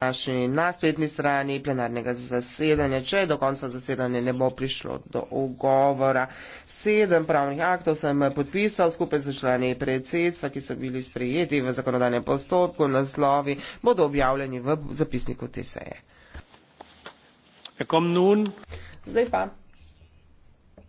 naši na spletni strani plenarnega zasedanja, če do konca zasedanja ne bo prišlo do ugovora. Sedem pravnih aktov sem podpisal skupaj z člani predsedstva, ki so bili sprejeti v zakonodajnem postopku, naslovi bodo objavljeni v zapisniku te seje. Ja, Zdaj pa.